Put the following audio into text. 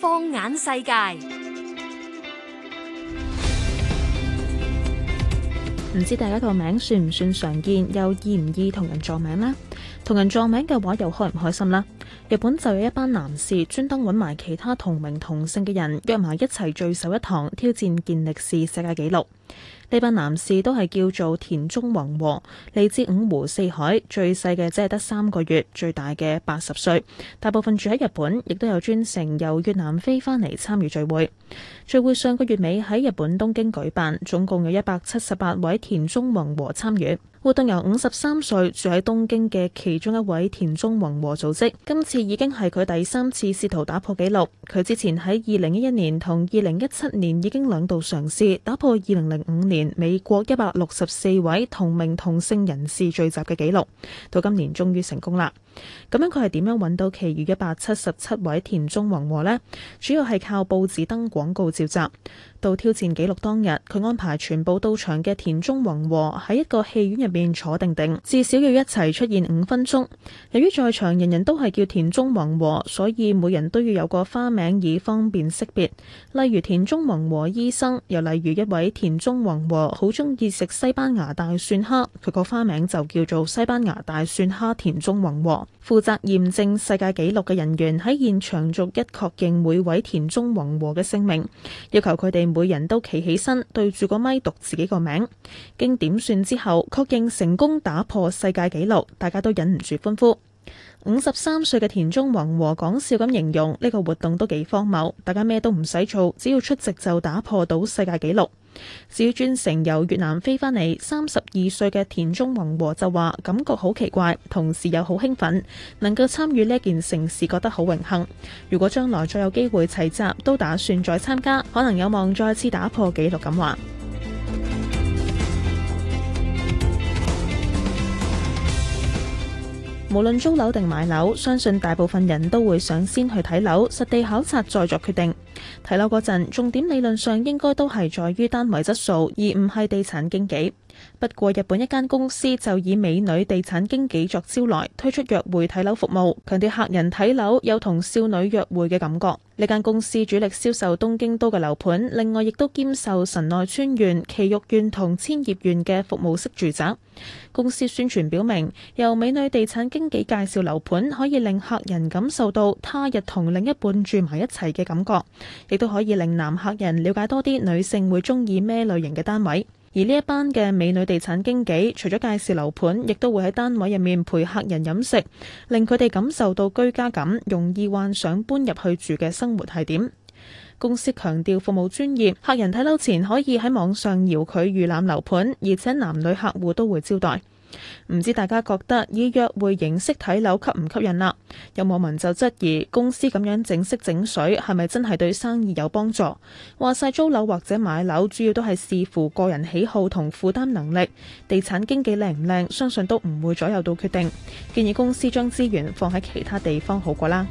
放眼世界，唔知大家個名算唔算常見，又易唔易同人撞名呢？同人撞名嘅話，又開唔開心啦？日本就有一班男士專登揾埋其他同名同姓嘅人約埋一齊聚首一堂，挑戰健力士世界紀錄。呢班男士都係叫做田中宏和，嚟自五湖四海，最細嘅只係得三個月，最大嘅八十歲。大部分住喺日本，亦都有專程由越南飛返嚟參與聚會。聚會上個月尾喺日本東京舉辦，總共有一百七十八位田中宏和參與。活動由五十三歲住喺東京嘅其中一位田中宏和組織，今次已經係佢第三次試圖打破紀錄。佢之前喺二零一一年同二零一七年已經兩度嘗試打破二零零五年美國一百六十四位同名同姓人士聚集嘅紀錄，到今年終於成功啦。咁樣佢係點樣揾到其餘一百七十七位田中宏和呢？主要係靠報紙登廣告召集。到挑戰紀錄當日，佢安排全部到場嘅田中宏和喺一個戲院入面坐定定，至少要一齊出現五分鐘。由於在場人人都係叫田中宏和，所以每人都要有個花名以方便識別，例如田中宏和醫生，又例如一位田中宏和好鍾意食西班牙大蒜蝦，佢個花名就叫做西班牙大蒜蝦田中宏和。負責驗證世界紀錄嘅人員喺現場逐一確認每位田中宏和嘅姓名，要求佢哋，每人都企起身，對住個咪讀自己個名，經點算之後確認成功打破世界紀錄，大家都忍唔住歡呼。五十三歲嘅田中宏和講笑咁形容呢個活動都幾荒謬，大家咩都唔使做，只要出席就打破到世界紀錄。至於專程由越南飛返嚟三十二歲嘅田中宏和就話感覺好奇怪，同時又好興奮，能夠參與呢件盛事，覺得好榮幸。如果將來再有機會齊集，都打算再參加，可能有望再次打破紀錄。咁話。無論租樓定買樓，相信大部分人都會想先去睇樓，實地考察再作決定。睇樓嗰陣，重點理論上應該都係在於單位質素，而唔係地產經紀。不過日本一間公司就以美女地產經紀作招徠，推出約會睇樓服務，強調客人睇樓有同少女約會嘅感覺。呢間公司主力銷售東京都嘅樓盤，另外亦都兼售神奈川縣、埼玉縣同千葉縣嘅服務式住宅。公司宣傳表明，由美女地產經紀介紹樓盤，可以令客人感受到他日同另一半住埋一齊嘅感覺，亦都可以令男客人了解多啲女性會中意咩類型嘅單位。而呢一班嘅美女地產經紀，除咗介紹樓盤，亦都會喺單位入面陪客人飲食，令佢哋感受到居家感，容易幻想搬入去住嘅生活係點。公司強調服務專業，客人睇樓前可以喺網上遙距預覽樓盤，而且男女客戶都會招待。唔知大家覺得以約會形式睇樓吸唔吸引啦、啊？有網民就質疑公司咁樣整色整水係咪真係對生意有幫助？話晒租樓或者買樓主要都係視乎個人喜好同負擔能力，地產經紀靚唔靚相信都唔會左右到決定。建議公司將資源放喺其他地方好過啦。